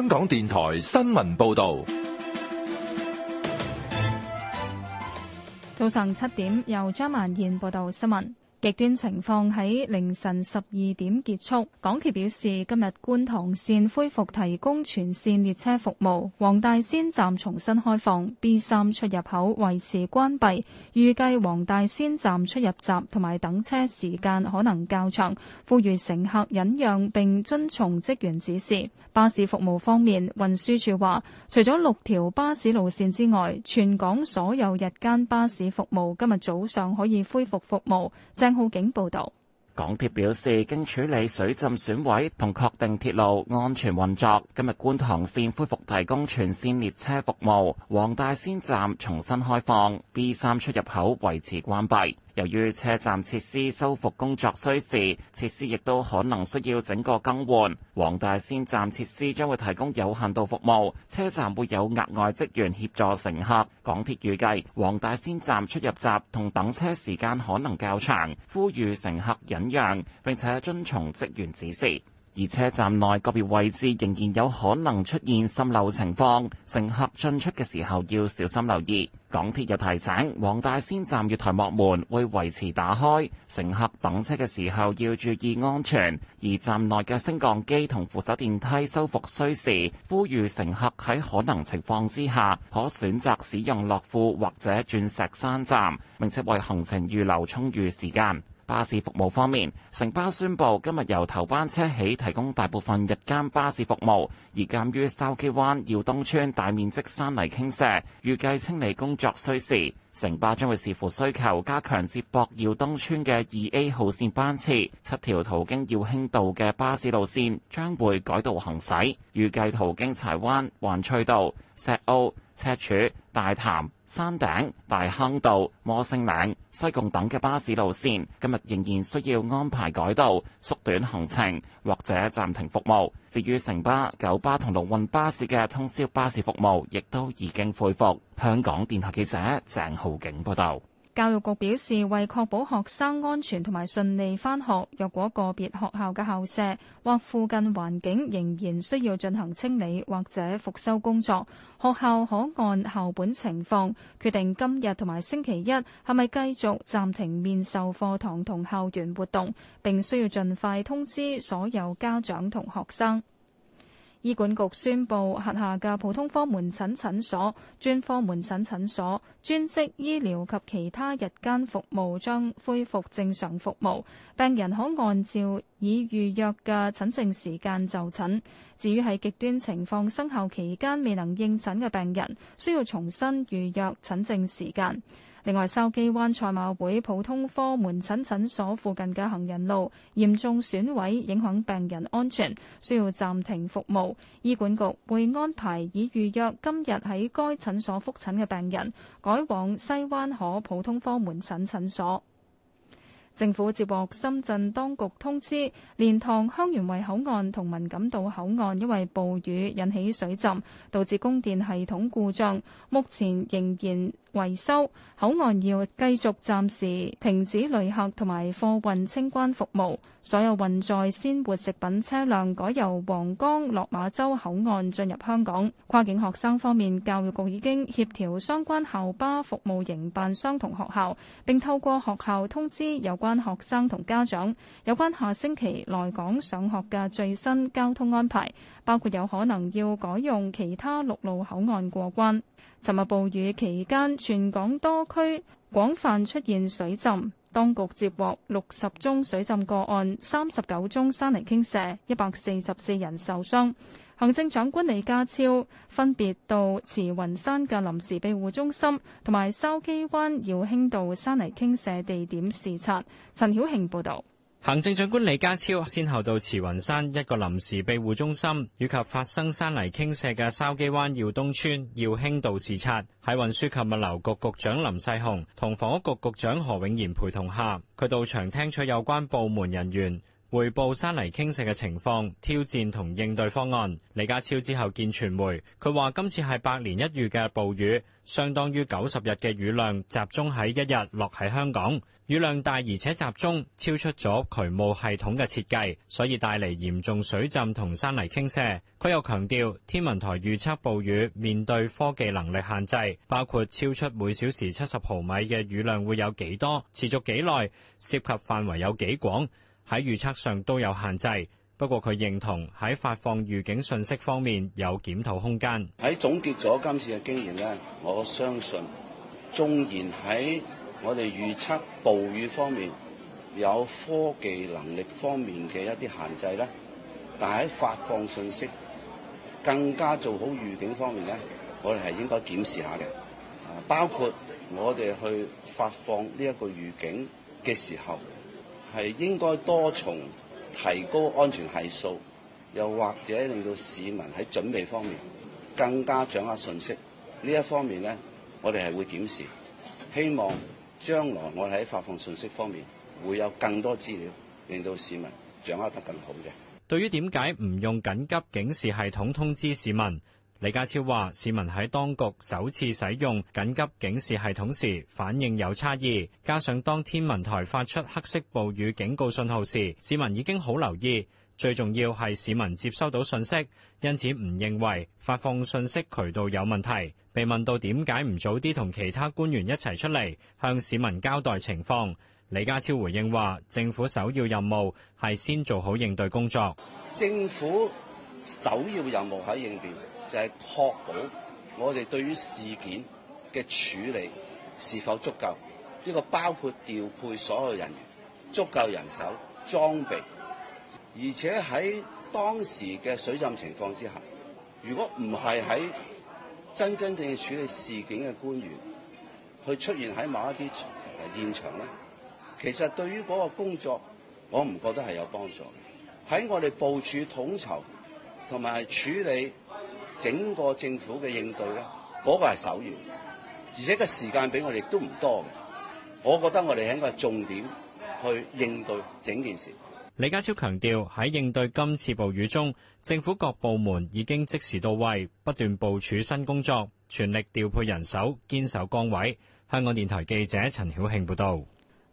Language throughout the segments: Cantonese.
香港電台新聞報道。早上七點，由張曼燕報道新聞。極端情況喺凌晨十二點結束。港鐵表示今日觀塘線恢復提供全線列車服務，黃大仙站重新開放，B3 出入口維持關閉。預計黃大仙站出入閘同埋等車時間可能較長，呼籲乘客忍讓並遵從職員指示。巴士服務方面，運輸處話除咗六條巴士路線之外，全港所有日間巴士服務今日早上可以恢復服務。鄭報道，港鐵表示經處理水浸損毀同確定鐵路安全運作，今日觀塘線恢復提供全線列車服務，黃大仙站重新開放，B 三出入口維持關閉。由於車站設施修復工作需時，設施亦都可能需要整個更換。黃大仙站設施將會提供有限度服務，車站會有額外職員協助乘客。港鐵預計黃大仙站出入閘同等車時間可能較長，呼籲乘客忍讓並且遵從職員指示。而車站內個別位置仍然有可能出現滲漏情況，乘客進出嘅時候要小心留意。港鐵又提醒，黃大仙站月台幕門會維持打開，乘客等車嘅時候要注意安全。而站內嘅升降機同扶手電梯修復需時，呼籲乘客喺可能情況之下，可選擇使用樂富或者鑽石山站，並且為行程預留充裕時間。巴士服務方面，城巴宣布今日由頭班車起提供大部分日間巴士服務，而鑑於筲箕灣耀東村大面積山泥傾瀉，預計清理工作需時，城巴將會視乎需求加強接駁耀東村嘅 2A 號線班次，七條途經耀興道嘅巴士路線將會改道行駛，預計途經柴灣、環翠道、石澳、赤柱、大潭、山頂、大坑道、摩星嶺、西貢等嘅巴士路線，今日仍然需要安排改道、縮短行程或者暫停服務。至於城巴、九巴同龍運巴士嘅通宵巴士服務，亦都已經恢復。香港電台記者鄭浩景報道。教育局表示，為確保學生安全同埋順利翻學，若果個別學校嘅校舍或附近環境仍然需要進行清理或者復修工作，學校可按校本情況決定今日同埋星期一係咪繼續暫停面授課堂同校園活動，並需要盡快通知所有家長同學生。醫管局宣布，轄下嘅普通科門診診所、專科門診診所、專職醫療及其他日間服務將恢復正常服務，病人可按照已預約嘅診症時間就診。至於係極端情況生效期間未能應診嘅病人，需要重新預約診症時間。另外，筲箕灣賽馬會普通科門診診所附近嘅行人路嚴重損毀，影響病人安全，需要暫停服務。醫管局會安排已預約今日喺該診所覆診嘅病人，改往西灣河普通科門診診所。政府接獲深圳當局通知，蓮塘香園圍口岸同文錦渡口岸因為暴雨引起水浸，導致供電系統故障，目前仍然維修口岸，要繼續暫時停止旅客同埋貨運清關服務，所有運載鮮活食品車輛改由皇崗、落馬洲口岸進入香港。跨境學生方面，教育局已經協調相關校巴服務營辦商同學校，並透過學校通知有關學生同家長有關下星期來港上學嘅最新交通安排，包括有可能要改用其他陸路口岸過關。尋日暴雨期間，全港多區廣泛出現水浸，當局接獲六十宗水浸個案，三十九宗山泥傾瀉，一百四十四人受傷。行政長官李家超分別到慈雲山嘅臨時庇護中心同埋筲箕灣耀興道山泥傾瀉地點視察。陳曉慶報導。行政長官李家超先後到慈雲山一個臨時庇護中心，以及發生山泥傾瀉嘅筲箕灣耀東村耀興道視察。喺運輸及物流局局長林世雄同房屋局局長何永賢陪同下，佢到場聽取有關部門人員，匯報山泥傾瀉嘅情況、挑戰同應對方案。李家超之後見傳媒，佢話今次係百年一遇嘅暴雨，相當於九十日嘅雨量集中喺一日落喺香港。雨量大而且集中，超出咗渠務系統嘅設計，所以帶嚟嚴重水浸同山泥傾瀉。佢又強調，天文台預測暴雨面對科技能力限制，包括超出每小時七十毫米嘅雨量會有幾多，持續幾耐，涉及範圍有幾廣。喺預測上都有限制，不過佢認同喺發放預警信息方面有檢討空間。喺總結咗今次嘅經驗咧，我相信縱然喺我哋預測暴雨方面有科技能力方面嘅一啲限制咧，但喺發放信息更加做好預警方面咧，我哋係應該檢視一下嘅。啊，包括我哋去發放呢一個預警嘅時候。係應該多重提高安全係數，又或者令到市民喺準備方面更加掌握信息，呢一方面呢，我哋係會檢視，希望將來我哋喺發放信息方面會有更多資料，令到市民掌握得更好嘅。對於點解唔用緊急警示系統通知市民？李家超話：市民喺當局首次使用緊急警示系統時，反應有差異。加上當天文台發出黑色暴雨警告信號時，市民已經好留意。最重要係市民接收到信息，因此唔認為發放信息渠道有問題。被問到點解唔早啲同其他官員一齊出嚟向市民交代情況，李家超回應話：政府首要任務係先做好應對工作。政府首要任務喺應變就係、是、確保我哋對於事件嘅處理是否足夠，呢個包括調配所有人員、足夠人手、裝備，而且喺當時嘅水浸情況之下，如果唔係喺真真正正處理事件嘅官員去出現喺某一啲現場咧，其實對於嗰個工作，我唔覺得係有幫助嘅。喺我哋部署統籌同埋處理。整個政府嘅應對咧，嗰個係首要，而且個時間比我哋都唔多嘅。我覺得我哋係應該重點去應對整件事。李家超強調，喺應對今次暴雨中，政府各部門已經即時到位，不斷部署新工作，全力調配人手，堅守崗位。香港電台記者陳曉慶報道。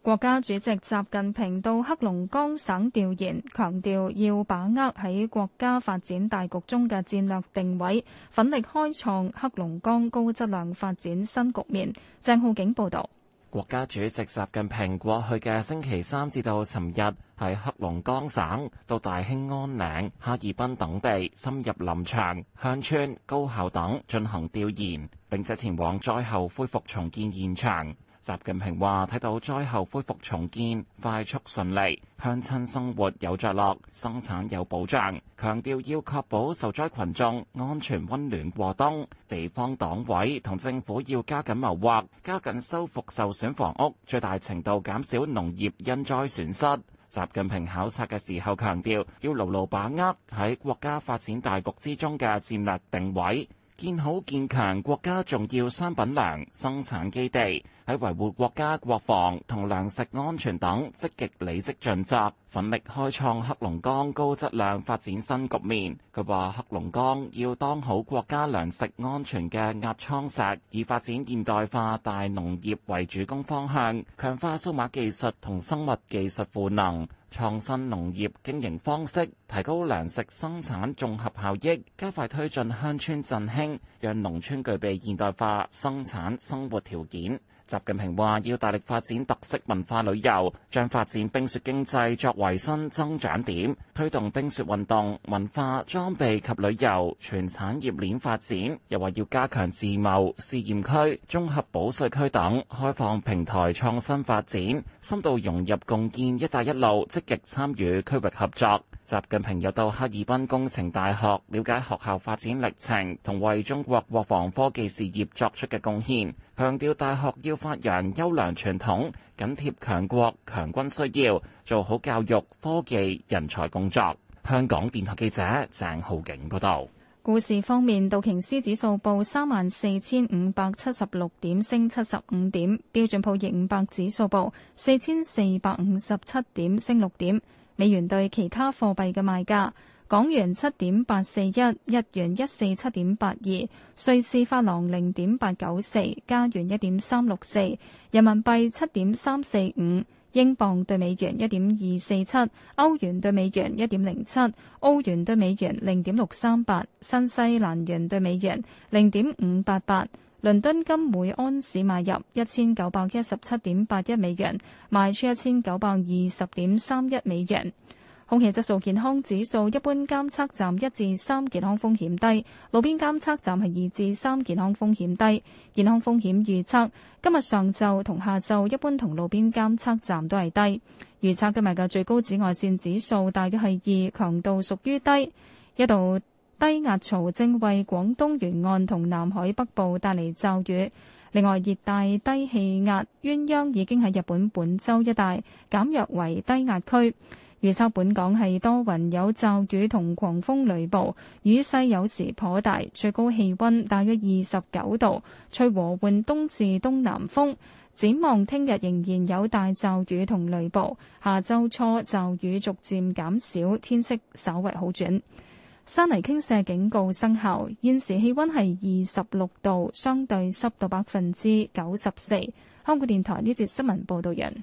國家主席習近平到黑龍江省調研，強調要把握喺國家發展大局中嘅戰略定位，奮力開創黑龍江高質量發展新局面。鄭浩景報道：國家主席習近平過去嘅星期三至到尋日喺黑龍江省到大興安嶺、哈爾濱等地深入林場、鄉村、高校等進行調研，並且前往災後恢復重建現場。習近平話：睇到災後恢復重建快速順利，鄉親生活有着落，生產有保障，強調要確保受災群眾安全溫暖過冬。地方黨委同政府要加緊謀劃，加緊修復受損房屋，最大程度減少農業因災損失。習近平考察嘅時候強調，要牢牢把握喺國家發展大局之中嘅戰略定位。建好建強國家重要商品糧生產基地，喺維護國家國防同糧食安全等積極履職盡責。奮力開創黑龍江高質量發展新局面。佢話黑龍江要當好國家糧食安全嘅壓艙石，以發展現代化大農業為主攻方向，強化數碼技術同生物技術賦能，創新農業經營方式，提高糧食生產綜合效益，加快推進鄉村振興，讓農村具備現代化生產生活條件。習近平話要大力發展特色文化旅遊，將發展冰雪經濟作為新增長點，推動冰雪運動、文化、裝備及旅遊全產業鏈發展。又話要加強自貿試驗區、綜合保稅區等開放平台創新發展，深度融入共建“一帶一路”，積極參與區域合作。習近平又到哈爾濱工程大學了解學校發展歷程同為中國國防科技事業作出嘅貢獻。強調大學要發揚優良傳統，緊貼強國強軍需要，做好教育科技人才工作。香港電台記者鄭浩景報道。股市方面，道瓊斯指數報三萬四千五百七十六點，升七十五點；標準普爾五百指數報四千四百五十七點，升六點。美元對其他貨幣嘅賣價。港元七點八四一，日元一四七點八二，瑞士法郎零點八九四，加元一點三六四，人民幣七點三四五，英鎊對美元一點二四七，歐元對美元一點零七，澳元對美元零點六三八，新西蘭元對美元零點五八八。倫敦金每安士賣入一千九百一十七點八一美元，賣出一千九百二十點三一美元。空氣質素健康指數，一般監測站一至三健康風險低，路邊監測站係二至三健康風險低。健康風險預測今日上晝同下晝，一般同路邊監測站都係低。預測今日嘅最高紫外線指數大約係二，強度屬於低。一道低壓槽正為廣東沿岸同南海北部帶嚟驟雨。另外，熱帶低氣壓鴛鴦已經喺日本本州一帶減弱為低壓區。預測本港係多雲有驟雨同狂風雷暴，雨勢有時頗大，最高氣溫大約二十九度，吹和緩東至東南風。展望聽日仍然有大驟雨同雷暴，下周初驟雨逐漸減少，天色稍微好轉。山泥傾瀉警告生效，現時氣溫係二十六度，相對濕度百分之九十四。香港電台呢節新聞報道完。